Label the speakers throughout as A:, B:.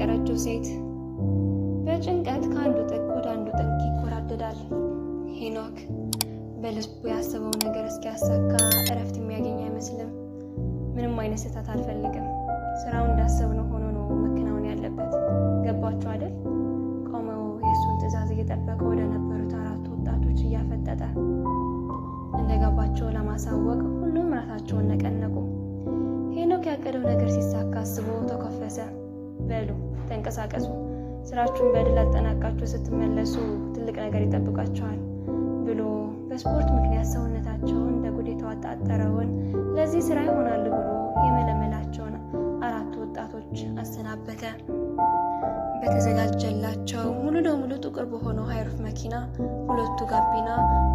A: ያፈቀረችው ሴት በጭንቀት ከአንዱ ጥግ ወደ አንዱ ጥግ ይኮራደዳል። ሄኖክ በልቡ ያሰበው ነገር እስኪያሳካ እረፍት የሚያገኝ አይመስልም። ምንም አይነት ስህተት አልፈልግም። ስራው እንዳሰብነው ሆኖ ነው መከናወን ያለበት። ገባችሁ አይደል? ቆመው የእሱን ትዕዛዝ እየጠበቀ ወደ ነበሩት አራቱ ወጣቶች እያፈጠጠ እንደገባቸው ለማሳወቅ ሁሉም ራሳቸውን ነቀነቁ። ሄኖክ ያቀደው ነገር ሲሳካ አስቦ ተኮፈሰ። በሉ ተንቀሳቀሱ። ስራችሁን በድል አጠናቃችሁ ስትመለሱ ትልቅ ነገር ይጠብቃችኋል ብሎ በስፖርት ምክንያት ሰውነታቸውን እንደ ጉድ የተዋጣጠረውን ለዚህ ስራ ይሆናሉ ብሎ የመለመላቸውን አራት ወጣቶች አሰናበተ። በተዘጋጀላቸው ሙሉ ለሙሉ ጥቁር በሆነው ሃይሩፍ መኪና ሁለቱ ጋቢና፣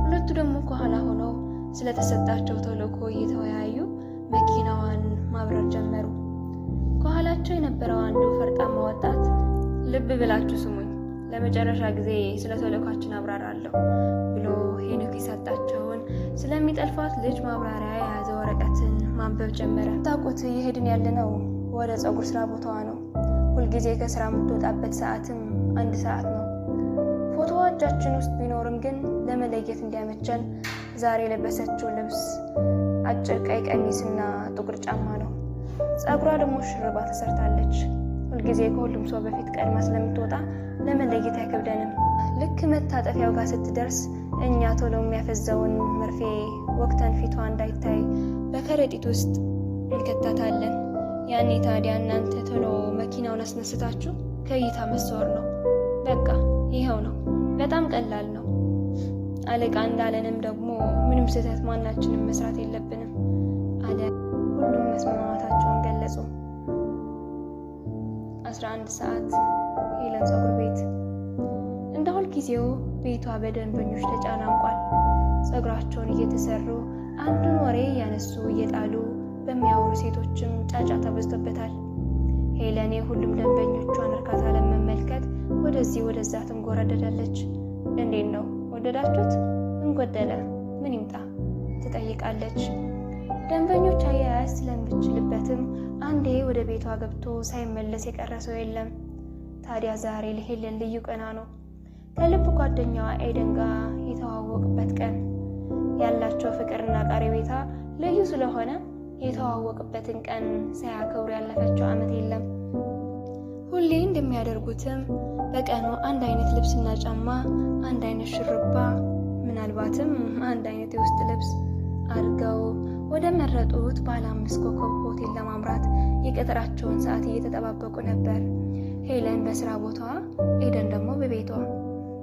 A: ሁለቱ ደግሞ ከኋላ ሆነው ስለተሰጣቸው ተልዕኮ እየተወያዩ መኪናዋን ማብረር ጀመሩ። ከኋላቸው የነበረው አንዱ ፈርጣማ ወጣት ልብ ብላችሁ ስሙኝ፣ ለመጨረሻ ጊዜ ስለ ተልዕኳችን አብራራለሁ ብሎ ሄኖክ የሰጣቸውን ስለሚጠልፋት ልጅ ማብራሪያ የያዘ ወረቀትን ማንበብ ጀመረ። ታውቁት እየሄድን ያለነው ወደ ፀጉር ስራ ቦታዋ ነው። ሁልጊዜ ከስራ የምትወጣበት ሰዓትም አንድ ሰዓት ነው። ፎቶዋ እጃችን ውስጥ ቢኖርም ግን ለመለየት እንዲያመቸን ዛሬ የለበሰችው ልብስ አጭር ቀይ ቀሚስና ጥቁር ጫማ ነው። ፀጉሯ ደግሞ ሽርባ ተሰርታለች። ሁልጊዜ ከሁሉም ሰው በፊት ቀድማ ስለምትወጣ ለመለየት አይከብደንም። ልክ መታጠፊያው ጋር ስትደርስ እኛ ቶሎ የሚያፈዛውን መርፌ ወቅተን ፊቷ እንዳይታይ በከረጢት ውስጥ እንከታታለን። ያኔ ታዲያ እናንተ ቶሎ መኪናውን አስነስታችሁ ከእይታ መሰወር ነው። በቃ ይኸው ነው። በጣም ቀላል ነው። አለቃ እንዳለንም ደግሞ ምንም ስህተት ማናችንም መስራት የለብንም አለ። ሁሉም መስማማታቸው 11 ሰዓት ሄለን ፀጉር ቤት። እንደ ሁልጊዜው ቤቷ በደንበኞች ተጨናንቋል። ፀጉራቸውን እየተሰሩ አንዱን ወሬ እያነሱ እየጣሉ በሚያወሩ ሴቶችም ጫጫ ተበዝቶበታል። ሄለኔ ሁሉም ደንበኞቿን እርካታ ለመመልከት ወደዚህ ወደዛ ትንጎረደዳለች። እንዴት ነው ወደዳችሁት? ምን ጎደለ? ምን ይምጣ? ትጠይቃለች። ደንበኞች አያያዝ ስለምችልበትም አንዴ ወደ ቤቷ ገብቶ ሳይመለስ የቀረ ሰው የለም። ታዲያ ዛሬ ለሄለን ልዩ ቀና ነው። ከልብ ጓደኛዋ ኤደን ጋር የተዋወቅበት ቀን ያላቸው ፍቅርና ቀረቤታ ልዩ ስለሆነ የተዋወቅበትን ቀን ሳያከብሩ ያለፈችው ዓመት የለም። ሁሌ እንደሚያደርጉትም በቀኑ አንድ አይነት ልብስና ጫማ፣ አንድ አይነት ሹርባ፣ ምናልባትም አንድ አይነት የውስጥ ልብስ አድርገው ወደ መረጡት ባለ አምስት ኮከብ ሆቴል ለማምራት የቀጠራቸውን ሰዓት እየተጠባበቁ ነበር። ሄለን በስራ ቦታዋ፣ ኤደን ደግሞ በቤቷ።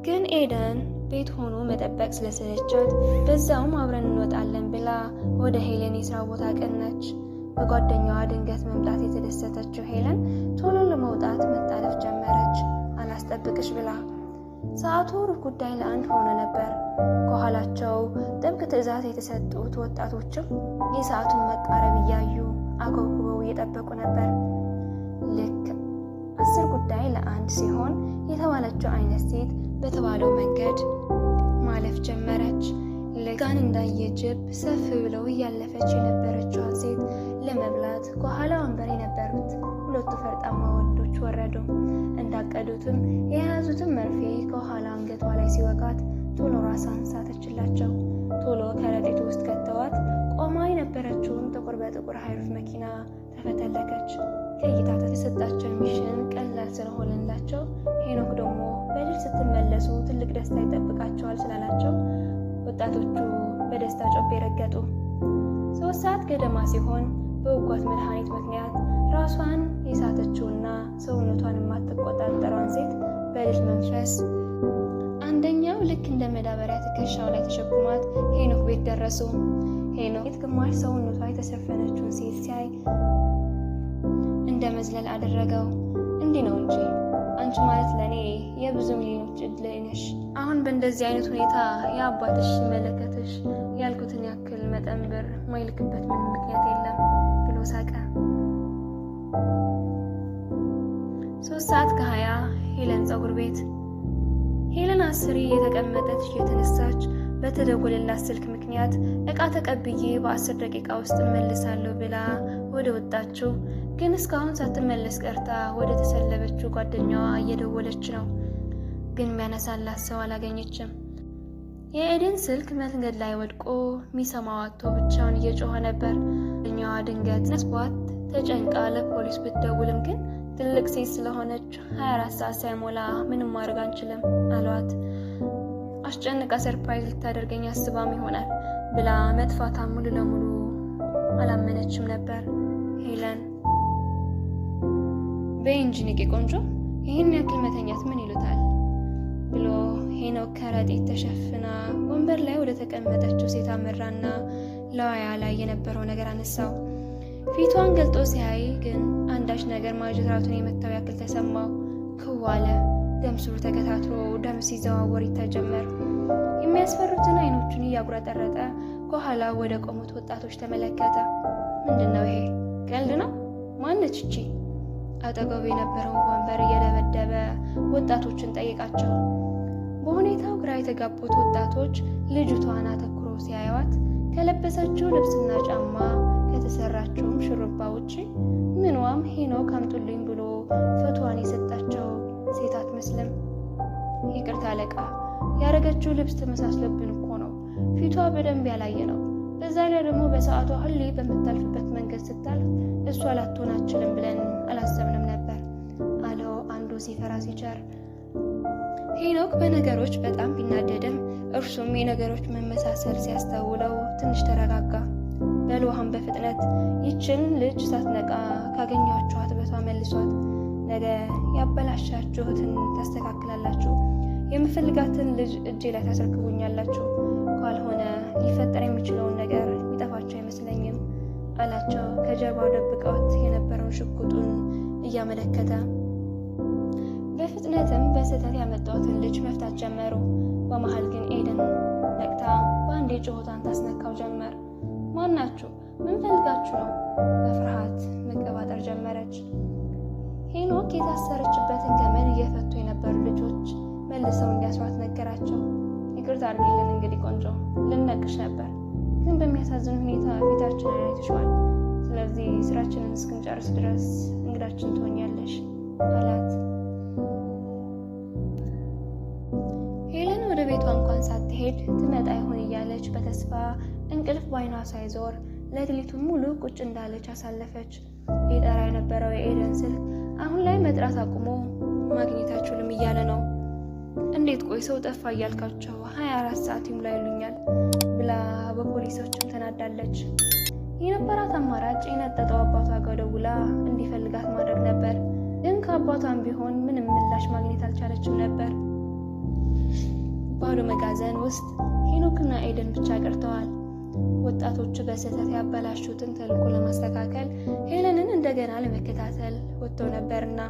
A: ግን ኤደን ቤት ሆኖ መጠበቅ ስለሰለቻት በዛውም አብረን እንወጣለን ብላ ወደ ሄለን የስራ ቦታ ቀናች። በጓደኛዋ ድንገት መምጣት የተደሰተችው ሄለን ቶሎ ለመውጣት መጣለፍ ጀመረች፣ አላስጠብቅሽ ብላ ሰዓቱ ሩብ ጉዳይ ለአንድ ሆነ ነበር። ከኋላቸው ጥብቅ ትዕዛዝ የተሰጡት ወጣቶችም የሰዓቱን መቃረብ እያዩ አጎብጉበው እየጠበቁ ነበር። ልክ አስር ጉዳይ ለአንድ ሲሆን የተባለችው አይነት ሴት በተባለው መንገድ ማለፍ ጀመረች። ልጋን እንዳየ ጅብ ሰፍ ብለው እያለፈች የነበረችዋን ሴት ለመብላት ከኋላ ወንበር የነበሩት ሁለቱ ፈርጣማ ወንዶች ወረዱ። ያቀዱትም የያዙትም መርፌ ከኋላ አንገቷ ላይ ሲወጋት ቶሎ ራሷን ሳተችላቸው። ቶሎ ከረጢቱ ውስጥ ከተዋት። ቆማ የነበረችውን ጥቁር በጥቁር ሃይሩፍ መኪና ተፈተለከች። ለእይታ የተሰጣቸው ሚሽን ቀላል ስለሆነላቸው ሄኖክ ደግሞ በድል ስትመለሱ ትልቅ ደስታ ይጠብቃቸዋል ስላላቸው ወጣቶቹ በደስታ ጮቤ ረገጡ። ሶስት ሰዓት ገደማ ሲሆን በውጓት መድኃኒት ምክንያት ራሷን የሳተችውና ሰውነቷን የማትቆጣጠሯን ሴት በልጅ መንፈስ አንደኛው ልክ እንደ መዳበሪያ ትከሻው ላይ ተሸክሟት ሄኖክ ቤት ደረሱ። ሄኖክ ቤት ግማሽ ሰውነቷ የተሸፈነችውን ሴት ሲያይ እንደ መዝለል አደረገው። እንዲህ ነው እንጂ አንቺ ማለት ለእኔ የብዙ ሚሊዮኖች እድል ነሽ። አሁን በእንደዚህ አይነት ሁኔታ የአባትሽ መለከትሽ ያልኩትን ያክል መጠን ብር ማይልክበት ምንም ምክንያት የለም ብሎ ሳቀ። ሶስት ሰዓት ከሀያ ሄለን ጸጉር ቤት። ሄለን አስሬ የተቀመጠች የተነሳች በተደወለላት ስልክ ምክንያት እቃ ተቀብዬ በአስር ደቂቃ ውስጥ እመልሳለሁ ብላ ወደ ወጣችው ግን እስካሁን ሳትመለስ ቀርታ ወደ ተሰለበችው ጓደኛዋ እየደወለች ነው። ግን የሚያነሳላት ሰው አላገኘችም። የኤደን ስልክ መንገድ ላይ ወድቆ የሚሰማው ብቻውን እየጮኸ ነበር። እኛዋ ድንገት ነስቧት ተጨንቃ ለፖሊስ ብትደውልም ግን ትልቅ ሴት ስለሆነች 24 ሰዓት ሳይሞላ ምንም ማድረግ አንችልም አሏት። አስጨንቃ ሰርፕራይዝ ልታደርገኝ አስባም ይሆናል ብላ መጥፋታ ሙሉ ለሙሉ አላመነችም ነበር ሄለን። በኢንጂኒቅ ቆንጆ፣ ይህን ያክል መተኛት ምን ይሉታል ብሎ ሄኖክ ከረጢት ተሸፍና ወንበር ላይ ወደ ተቀመጠችው ሴት አመራና ለዋያ ላይ የነበረው ነገር አነሳው። ፊቷን ገልጦ ሲያይ ግን አንዳች ነገር ማጅራቱን የመታው ያክል ተሰማው። ክዋለ ደም ስሩ ተከታትሎ ደም ሲዘዋወር ይተጀመር። የሚያስፈሩትን አይኖቹን እያጉረጠረጠ ከኋላ ወደ ቆሙት ወጣቶች ተመለከተ። ምንድን ነው ይሄ? ቀልድ ነው? ማነች እቺ? አጠገቡ የነበረውን ወንበር እየደበደበ ወጣቶችን ጠይቃቸው። በሁኔታው ግራ የተጋቡት ወጣቶች ልጅቷን አተኩሮ ሲያዩዋት ከለበሰችው ልብስና ጫማ የተሰራችውም ሽሩባ ውጪ ምንዋም ሄኖክ አምጡልኝ ብሎ ፈቷን የሰጣቸው ሴት አትመስልም። ይቅርታ አለቃ፣ ያደረገችው ልብስ ተመሳስሎብን እኮ ነው። ፊቷ በደንብ ያላየ ነው። በዛ ላይ ደግሞ በሰዓቷ ሁሌ በምታልፍበት መንገድ ስታልፍ እሷ ላትሆን አችልም ብለን አላሰብንም ነበር አለው አንዱ ሲፈራ ሲቸር። ሄኖክ በነገሮች በጣም ቢናደድም እርሱም የነገሮች መመሳሰል ሲያስተውለው ትንሽ ተረጋጋ። ለልውሃም በፍጥነት ይችን ልጅ ሳትነቃ ካገኛችኋት በቷ መልሷት፣ ነገ ያበላሻችሁትን ታስተካክላላችሁ፣ የምፈልጋትን ልጅ እጄ ላይ ታስረክቡኛላችሁ፣ ካልሆነ ሊፈጠር የሚችለውን ነገር የሚጠፋቸው አይመስለኝም አላቸው። ከጀርባው ደብቀውት የነበረውን ሽጉጡን እያመለከተ በፍጥነትም በስህተት ያመጣሁትን ልጅ መፍታት ጀመሩ። በመሀል ግን ኤደን ነቅታ በአንዴ ጩኸቷን ታስነካው ጀመር። ማን ናችሁ? ምን ፈልጋችሁ ነው? በፍርሃት መቀባጠር ጀመረች። ሄኖክ የታሰረችበትን ገመድ እየፈቱ የነበሩ ልጆች መልሰው እንዲያስሯት ነገራቸው። ይቅርታ አድርጊልን እንግዲህ ቆንጆ፣ ልንነቅሽ ነበር ግን በሚያሳዝን ሁኔታ ፊታችንን አይተሽዋል። ስለዚህ ስራችንን እስክንጨርስ ድረስ እንግዳችን ትሆኛለሽ አላት። ሄለን ወደ ቤቷ እንኳን ሳትሄድ ትመጣ ይሆን እያለች በተስፋ እንቅልፍ ባይኗ ሳይዞር ሌሊቱን ሙሉ ቁጭ እንዳለች አሳለፈች። የጠራ የነበረው የኤደን ስልክ አሁን ላይ መጥራት አቁሞ ማግኘታችሁንም እያለ ነው። እንዴት ቆይ ሰው ጠፋ እያልካቸው 24 ሰዓት ይሙላ ይሉኛል ብላ በፖሊሶችም ተናዳለች። የነበራት አማራጭ የነጠጠው አባቷ ጋር ደውላ እንዲፈልጋት ማድረግ ነበር። ግን ከአባቷም ቢሆን ምንም ምላሽ ማግኘት አልቻለችም ነበር። ባዶ መጋዘን ውስጥ ሄኖክና ኤደን ብቻ ቀርተዋል። ወጣቶቹ በስህተት ያበላሹትን ተልኮ ለማስተካከል ሄለንን እንደገና ለመከታተል ወጥቶ ነበርና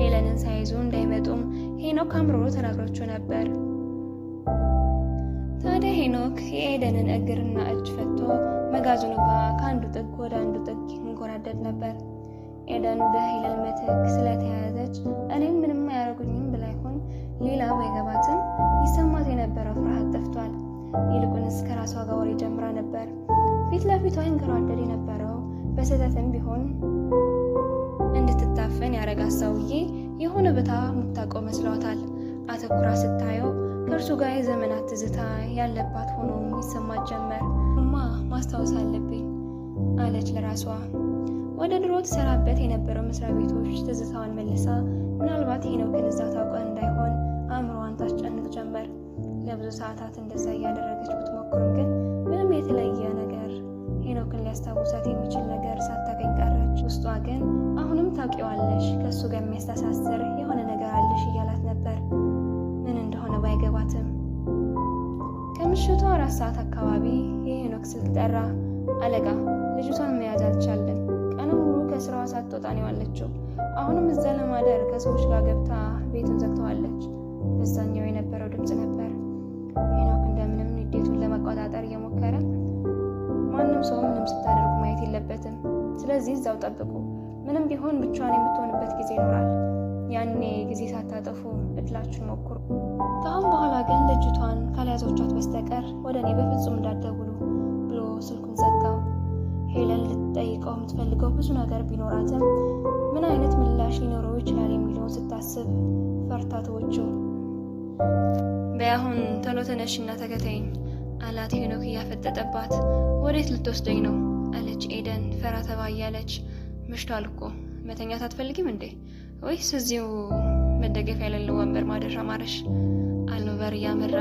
A: ሄለንን ሳይዙ እንዳይመጡም ሄኖክ አምሮ ተናግሯቸው ነበር። ታዲያ ሄኖክ የኤደንን እግርና እጅ ፈቶ መጋዘኑ ጋር ከአንዱ ጥግ ወደ አንዱ ጥግ ይንጎራደድ ነበር። ኤደን በሄለን ምትክ ስለተያያዘች እኔም ምንም አያደርጉኝም ብላ ይሆን ሌላ ባይገባትም ይሰማት የነበረው ፍርሃት ጠፍቷል። ይልቁንስ ከራሷ ጋር ወሬ ጀምራ ነበር። ፊት ለፊቷ ይንከራደር የነበረው በስህተትም ቢሆን እንድትታፈን ያረጋት ሰውዬ የሆነ ቦታ የምታውቀው መስሏታል። አተኩራ ስታየው ከእርሱ ጋር የዘመናት ትዝታ ያለባት ሆኖ ይሰማት ጀመር። ማ ማስታወስ አለብኝ አለች ለራሷ። ወደ ድሮ ትሰራበት የነበረው መስሪያ ቤቶች ትዝታዋን መልሳ ምናልባት ይሄ ነው ግን እዛ እንዳይሆን ሰዓታት እንደዛ እያደረገች ብትሞክርም ግን ምንም የተለየ ነገር ሄኖክን ሊያስታውሳት የሚችል ነገር ሳታገኝ ቀረች። ውስጧ ግን አሁንም ታውቂዋለሽ፣ ከእሱ ጋር የሚያስተሳስር የሆነ ነገር አለሽ እያላት ነበር፣ ምን እንደሆነ ባይገባትም። ከምሽቱ አራት ሰዓት አካባቢ የሄኖክ ስልክ ጠራ። አለቃ ልጅቷን መያዝ አልቻለም። ቀኑ ሙሉ ከስራዋ ሳትወጣ ነው ያለችው። አሁንም እዛ ለማደር ከሰዎች ጋር ገብታ ቤቱን ዘግተዋለች። በዛኛው የነበረው ድምፅ ነበር። ሄኖክ እንደምንም ንዴቱን ለመቆጣጠር እየሞከረ ማንም ሰው ምንም ስታደርጉ ማየት የለበትም፣ ስለዚህ እዛው ጠብቁ፣ ምንም ቢሆን ብቻዋን የምትሆንበት ጊዜ ይኖራል፣ ያኔ ጊዜ ሳታጠፉ እድላችሁን ሞክሩ። ከአሁን በኋላ ግን ልጅቷን ካልያዞቻት በስተቀር ወደ እኔ በፍጹም እንዳትደውሉ ብሎ ስልኩን ዘጋው። ሄለን ልትጠይቀው የምትፈልገው ብዙ ነገር ቢኖራትም ምን አይነት ምላሽ ሊኖረው ይችላል የሚለውን ስታስብ ፈርታ ተወችው። በአሁን ቶሎ ተነሽና ተከተይኝ አላት ሄኖክ እያፈጠጠባት። ወዴት ልትወስደኝ ነው አለች ኤደን ፈራ ተባ እያለች። መሽቷል እኮ መተኛት አትፈልጊም እንዴ ወይስ እዚሁ መደገፍ የሌለው ወንበር ማደሻ ማረሽ አለው በር እያመራ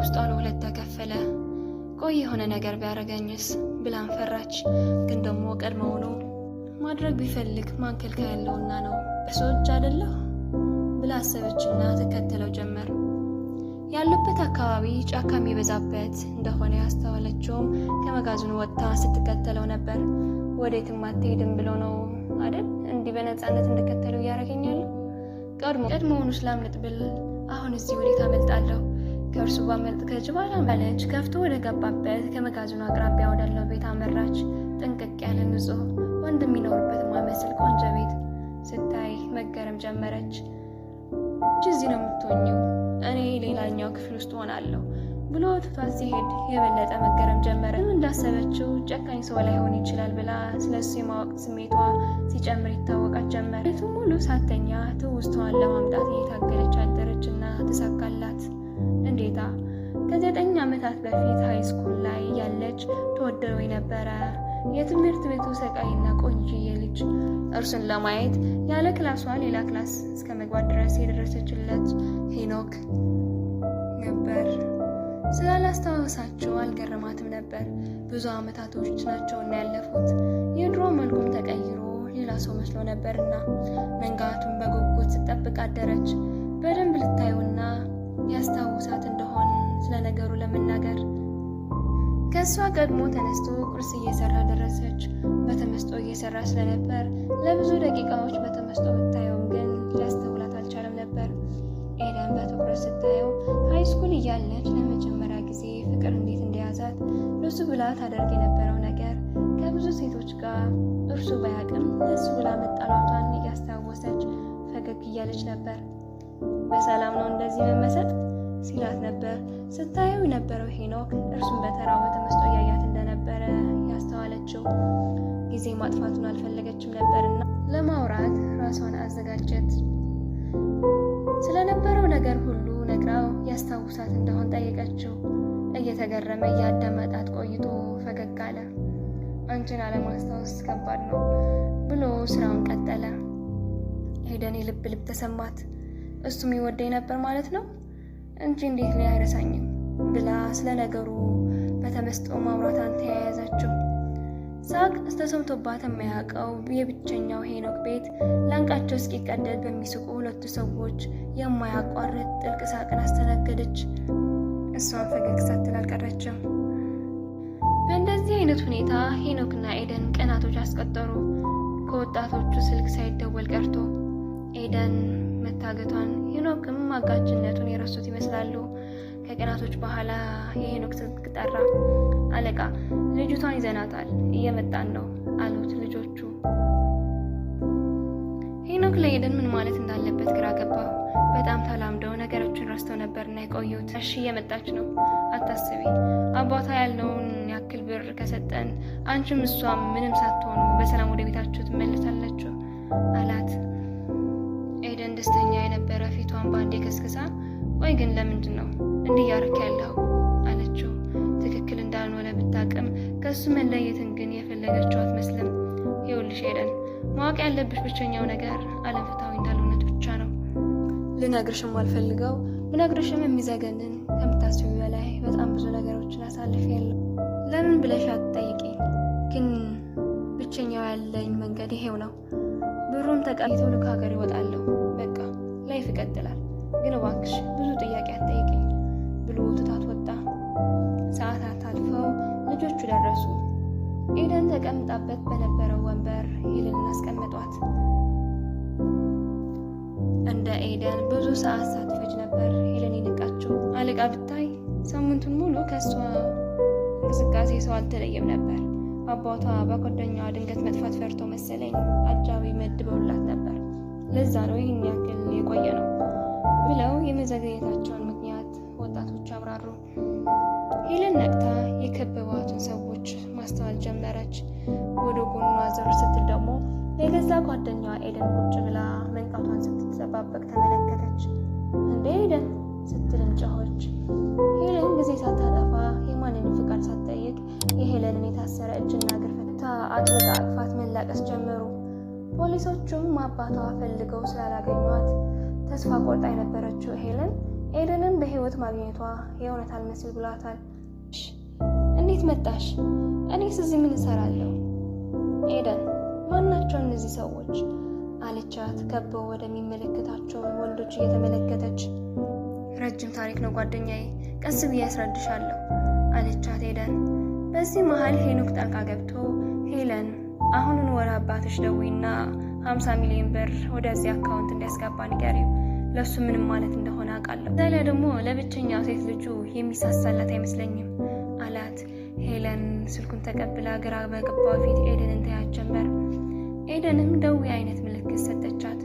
A: ውስጧ ተከፈለ። ቆይ የሆነ ነገር ቢያደርገኝስ ብላን ፈራች። ግን ደግሞ ቀድመው ነው ማድረግ ቢፈልግ ማንከልከ ያለውና ነው እርሶ እጅ ብላ አሰበችና ተከተለው ጀመር። ያሉበት አካባቢ ጫካ የሚበዛበት እንደሆነ ያስተዋለችውም ከመጋዘኑ ወጥታ ስትከተለው ነበር። ወዴትም አትሄድም ብሎ ነው አይደል? እንዲህ በነፃነት እንድከተለው እያደረገኛል። ቀድሞውኑ ስላምልጥ ብል አሁን እዚህ ወዴት አመልጣለሁ? ከእርሱ ባመልጥ ከጅባላ መለች ከፍቶ ወደ ገባበት ከመጋዘኑ አቅራቢያ ወዳለው ቤት አመራች። ጥንቅቅ ያለ ንጹህ፣ ወንድ የሚኖርበት ማመስል ቆንጆ ቤት ስታይ መገረም ጀመረች። እዚህ ነው የምትሆኝው፣ እኔ ሌላኛው ክፍል ውስጥ ሆናለሁ ብሎ ትቷት ሲሄድ የበለጠ መገረም ጀመረ። እንዳሰበችው ጨካኝ ሰው ላይሆን ይችላል ብላ ስለ እሱ የማወቅ ስሜቷ ሲጨምር ይታወቃት ጀመረ። ቤቱን ሙሉ ሳተኛ ትውስተዋን ለማምጣት እየታገለች አደረች እና ተሳካላት። እንዴታ ከዘጠኝ ዓመታት በፊት ስኩል ላይ ያለች ተወደሮ ነበረ። የትምህርት ቤቱ ሰቃይና ቆንጅዬ ልጅ እርሱን ለማየት ያለ ክላሷ ሌላ ክላስ እስከ መግባት ድረስ የደረሰችለት ሄኖክ ነበር። ስላላስታወሳቸው አልገረማትም ነበር። ብዙ አመታቶች ናቸውና ያለፉት። የድሮ መልኩም ተቀይሮ ሌላ ሰው መስሎ ነበርና መንጋቱን በጉጉት ስትጠብቅ አደረች። በደንብ ልታዩና ያስታውሳት እንደሆን ስለ ነገሩ ለመናገር ከእሷ ቀድሞ ተነስቶ ቁርስ እየሰራ ደረሰች። በተመስጦ እየሰራ ስለነበር ለብዙ ደቂቃዎች በተመስጦ ብታየውም ግን ሊያስተውላት አልቻለም ነበር። ኤደን በትኩረት ስታየው ሃይስኩል እያለች ለመጀመሪያ ጊዜ ፍቅር እንዴት እንደያዛት ለሱ ብላ ታደርግ የነበረው ነገር ከብዙ ሴቶች ጋር እርሱ ባያቅም ለሱ ብላ መጣላቷን እያስታወሰች ፈገግ እያለች ነበር። በሰላም ነው እንደዚህ መመሰጥ ሲላት ነበር። ስታየው የነበረው ሄኖክ እርሱን በተራው በተመስጦ እያያት እንደነበረ ያስተዋለችው ጊዜ ማጥፋቱን አልፈለገችም ነበርና ለማውራት ራሷን አዘጋጀት። ስለነበረው ነገር ሁሉ ነግራው ያስታውሳት እንደሆን ጠየቀችው። እየተገረመ እያዳመጣት ቆይቶ ፈገግ አለ። አንቺን አለማስታወስ ከባድ ነው ብሎ ስራውን ቀጠለ። ሄደን የልብ ልብ ተሰማት። እሱም ይወደኝ ነበር ማለት ነው እንጂ እንዴት ላይ አይረሳኝም ብላ ስለ ነገሩ በተመስጦ ማውራታን ተያያዛቸው። ሳቅ ተሰምቶባት የማያውቀው የብቸኛው ሄኖክ ቤት ላንቃቸው እስኪቀደድ በሚስቁ ሁለቱ ሰዎች የማያቋርጥ ጥልቅ ሳቅን አስተናገደች። እሷን ፈገግ ሳትል አልቀረችም። በእንደዚህ አይነት ሁኔታ ሄኖክና ኤደን ቀናቶች አስቆጠሩ። ከወጣቶቹ ስልክ ሳይደወል ቀርቶ ኤደን መታገቷን ሄኖክም አጋችነቱን የረሱት ይመስላሉ። ከቀናቶች በኋላ የሄኖክ ስልክ ጠራ። አለቃ ልጅቷን ይዘናታል እየመጣን ነው አሉት ልጆቹ። ሄኖክ ለኤደን ምን ማለት እንዳለበት ግራ ገባ በጣም ተላምደው ነገሮችን ረስተው ነበርና የቆዩት። እሺ እየመጣች ነው አታስቢ፣ አባቷ ያለውን ያክል ብር ከሰጠን አንቺም እሷም ምንም ሳትሆኑ በሰላም ወደ ቤታችሁ ትመለሳላችሁ አላት። ኤደን ደስተኛ የነበረ ፊቷን ባንዴ ከስክሳ ቆይ ግን ለምንድን ነው እንዲህ ያርክ ያለው አለችው። ትክክል እንዳልሆነ ብታቅም ከሱ መለየትን ግን የፈለገችው አትመስልም። ይኸውልሽ ኤደን ማወቅ ያለብሽ ብቸኛው ነገር ዓለም ፍትሐዊ እንዳልሆነት ብቻ ነው። ልነግርሽም አልፈልገው ብነግርሽም የሚዘገንን ከምታስቢ በላይ በጣም ብዙ ነገሮችን አሳልፍ ያለው ለምን ብለሽ አትጠይቂ። ግን ብቸኛው ያለኝ መንገድ ይሄው ነው። ብሩን ተቀይቶ ልክ ሀገር ይወጣለሁ በቃ ላይፍ ይቀጥላል፣ ግን እባክሽ ብዙ ጥያቄ አትጠይቅኝ ብሎ ትታት ወጣ። ሰዓታት አልፈው ልጆቹ ደረሱ። ኤደን ተቀምጣበት በነበረው ወንበር ሄለንን አስቀምጧት እንደ ኤደን ብዙ ሰዓት ሳትፈጅ ነበር ሄለን የነቃችው። አለቃ ብታይ ሳምንቱን ሙሉ ከእሷ እንቅስቃሴ ሰው አልተለየም ነበር። አባቷ በጓደኛዋ ድንገት መጥፋት ፈርቶ መሰለኝ አጃቢ መድበውላት ነበር። ለዛ ነው ይህን ያክል የቆየ ነው ብለው የመዘገየታቸውን ምክንያት ወጣቶች አብራሩ። ሄለን ነቅታ የከበቧትን ሰዎች ማስተዋል ጀመረች። ወደ ጎኗ ዞር ስትል ደግሞ የገዛ ጓደኛዋ ኤደን ቁጭ ብላ መንቃቷን ስትጠባበቅ ተመለከተች። እንዴ ኤደን ስትልም ጮኸች። ሳትጠይቅ የሄለንን የታሰረ እጅና እግር ፈታ አድርጋ አቅፋት መላቀስ ጀመሩ። ፖሊሶቹም አባቷ ፈልገው ስላላገኟት ተስፋ ቆርጣ የነበረችው ሄለን ኤደንን በህይወት ማግኘቷ የእውነት አልመስል ብሏታል። እንዴት መጣሽ? እኔስ እዚህ ምን እሰራለሁ? ኤደን ማናቸው እነዚህ ሰዎች አለቻት፣ ከበው ወደሚመለከታቸው ወንዶች እየተመለከተች። ረጅም ታሪክ ነው ጓደኛዬ፣ ቀስ ብዬ ያስረድሻለሁ። አለቻት ኤደን በዚህ መሀል ሄኖክ ጣልቃ ገብቶ ሄለን አሁኑን ወር አባትሽ ደዊና 50 ሚሊዮን ብር ወደዚህ አካውንት እንዲያስገባ ንገሪው፣ ለእሱ ምንም ማለት እንደሆነ አውቃለሁ። ዛላ ደግሞ ለብቸኛ ሴት ልጁ የሚሳሳላት አይመስለኝም አላት። ሄለን ስልኩን ተቀብላ ግራ በገባው ፊት ኤደንን ታያት ጀመር። ኤደንም ደዊ አይነት ምልክት ሰጠቻት።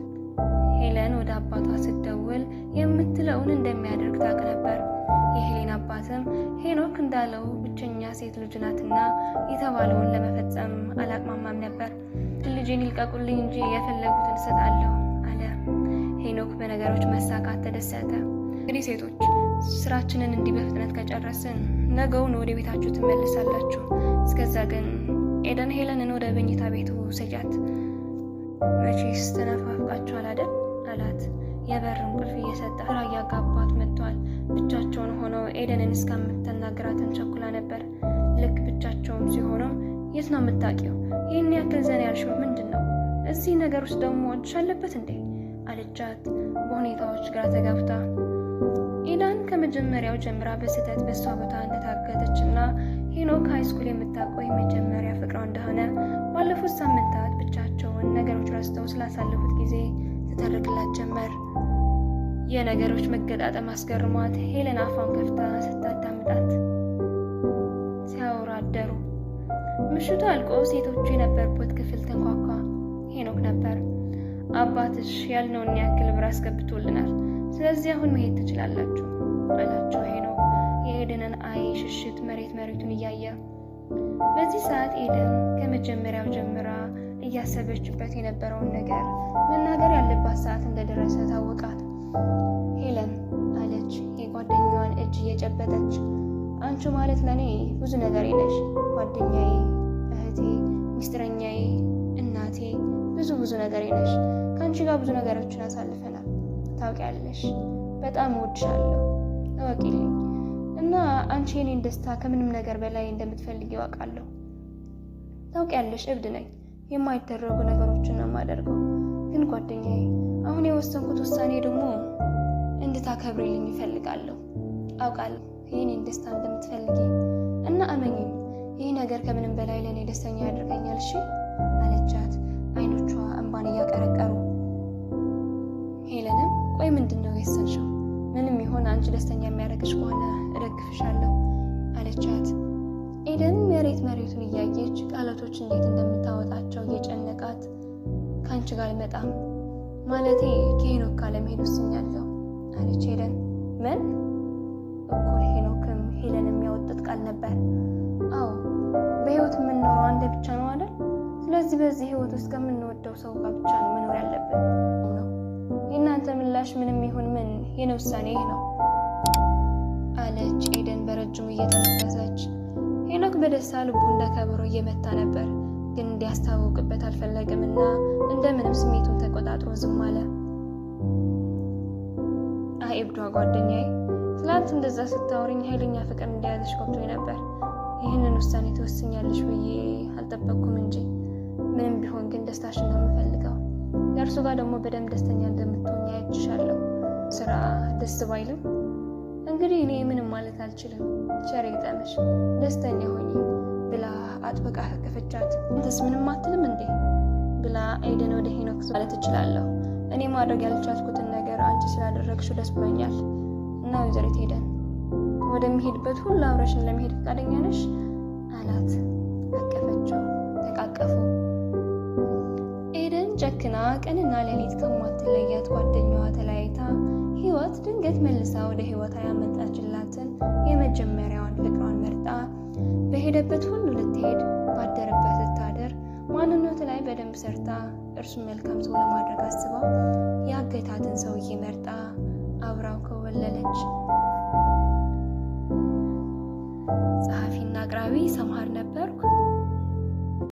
A: ሄለን ወደ አባቷ ስትደውል የምትለውን እንደሚያደርግ ታውቅ ነበር። የሄሌን አባትም ሄኖክ እንዳለው ብቸኛ ሴት ልጅ ናትና የተባለውን ለመፈጸም አላቅማማም ነበር። ልጄን ይልቀቁልኝ እንጂ የፈለጉትን እሰጣለሁ አለ። ሄኖክ በነገሮች መሳካት ተደሰተ። እንግዲህ ሴቶች ስራችንን እንዲህ በፍጥነት ከጨረስን ነገውን ወደ ቤታችሁ ትመልሳላችሁ። እስከዛ ግን ኤደን ሄለንን ወደ መኝታ ቤቱ ስጫት። መቼስ ተነፋፍቃችኋል አይደል አላት። የበርን ቁልፍ እየሰጠ ግራ እያጋባት መጥቷል። ብቻቸውን ሆነው ኤደንን እስከምትናገራትን ቸኩላ ነበር። ልክ ብቻቸውም ሲሆኑ የት ነው የምታውቂው? ይህን ያክል ዘና ያልሽው ምንድን ነው? እዚህ ነገር ውስጥ ደግሞ እጅሽ አለበት እንዴ? አለቻት በሁኔታዎች ጋር ተጋብታ። ኢዳን ከመጀመሪያው ጀምራ በስህተት በሷ ቦታ እንደታገተች እና ሄኖክ ሃይስኩል የምታውቀው የመጀመሪያ ፍቅሯ እንደሆነ ባለፉት ሳምንታት ብቻቸውን ነገሮች ረስተው ስላሳለፉት ጊዜ ትተርክላት ጀመር። የነገሮች መገጣጠም አስገርሟት ሄለን አፏን ከፍታ ስታዳምጣት ሲያወሩ አደሩ። ምሽቱ አልቆ ሴቶቹ የነበርበት ክፍል ተንኳኳ። ሄኖክ ነበር። አባትሽ ያልነውን ያክል ብር አስገብቶልናል፣ ስለዚህ አሁን መሄድ ትችላላችሁ አላቸው ሄኖክ የኤደንን አይ ሽሽት መሬት መሬቱን እያየ በዚህ ሰዓት ኤደን ከመጀመሪያው ጀምራ እያሰበችበት የነበረውን ነገር መናገር ያለባት ሰዓት እንደደረሰ ታወቃት። ሄለን አለች የጓደኛዋን እጅ እየጨበጠች። አንቺ ማለት ለእኔ ብዙ ነገር ነሽ፣ ጓደኛዬ፣ እህቴ፣ ሚስጥረኛዬ፣ እናቴ፣ ብዙ ብዙ ነገር ነሽ። ከአንቺ ጋር ብዙ ነገሮችን አሳልፈናል። ታውቂያለሽ፣ በጣም እወድሻለሁ፣ እወቂልኝ እና አንቺ የኔን ደስታ ከምንም ነገር በላይ እንደምትፈልግ ይዋቃለሁ። ታውቂያለሽ፣ እብድ ነኝ። የማይደረጉ ነገሮችን ነው የማደርገው ግን ጓደኛዬ አሁን የወሰንኩት ውሳኔ ደግሞ እንድታከብሪልኝ ይፈልጋለሁ። አውቃለሁ የእኔን ደስታ እንደምትፈልጊ እና አመኝ፣ ይህ ነገር ከምንም በላይ ለእኔ ደስተኛ ያደርገኛል። እሺ አለቻት። አይኖቿ እንባን እያቀረቀሩ ሄለንም፣ ቆይ ምንድን ነው የወሰንሽው? ምንም ይሆን አንቺ ደስተኛ የሚያደርግሽ ከሆነ እደግፍሻለሁ አለቻት። ኤደን መሬት መሬቱን እያየች ቃላቶች እንዴት እንደምታወጣቸው እየጨነቃት ከአንቺ ጋር አልመጣም ማለቴ ከሄኖክ ጋር ለመሄድ ወስኛለሁ አለች ሄለን። ምን እኩል ሄኖክም ሄለን የሚያወጡት ቃል ነበር። አዎ በህይወት የምንኖረው አንድ ብቻ ነው አይደል? ስለዚህ በዚህ ህይወት ውስጥ ከምንወደው ሰው ጋር ብቻ ነው መኖር ያለብን ነው። የእናንተ ምላሽ ምንም ይሁን ምን የኔ ውሳኔ ይህ ነው አለች ኤደን በረጅሙ እየተነፈሰች። ሄኖክ በደስታ ልቡ እንደከብሮ እየመታ ነበር። ግን እንዲያስታውቅበት አልፈለግም እና እንደምንም ስሜቱን ተቆጣጥሮ ዝም አለ። አይ እብዷ ጓደኛዬ፣ ትላንት እንደዛ ስታወሪኝ ኃይለኛ ፍቅር እንደያዘሽ ገብቶኝ ነበር። ይህንን ውሳኔ ትወስኛለሽ ብዬ አልጠበቅኩም እንጂ ምንም ቢሆን ግን ደስታሽን ነው የምፈልገው። ለእርሱ ጋር ደግሞ በደንብ ደስተኛ እንደምትሆኝ አያችሻለሁ። ስራ ደስ ባይልም እንግዲህ እኔ ምንም ማለት አልችልም። ቸር ይግጠምሽ፣ ደስተኛ ሆኚ። ብላ አጥብቃ አቀፈቻት። አንተስ ምንም አትልም እንዴ ብላ ኤደን ወደ ሄኖክ ማለት እችላለሁ እኔ ማድረግ ያልቻልኩትን ነገር አንቺ ስላደረግሽው ደስ ብሎኛል እና ወይዘሪት ኤደን ወደሚሄድበት ሁሉ አብረሽን ለመሄድ ፈቃደኛ ነሽ አላት። አቀፈችው፣ ተቃቀፉ። ኤደን ጨክና ቀንና ሌሊት ከማትለያት ጓደኛዋ ተለያይታ ህይወት ድንገት መልሳ ወደ ህይወት ያመጣችላትን የመጀመሪያዋን ፍቅሯን መርጣ በሄደበት ሁሉ ልትሄድ ባደረበት ልታደር ማንነት ላይ በደንብ ሰርታ እርሱን መልካም ሰው ለማድረግ አስባ ያገታትን ሰውዬ መርጣ አብራው ከወለለች። ጸሐፊና አቅራቢ ሰምሃር ነበርኩ።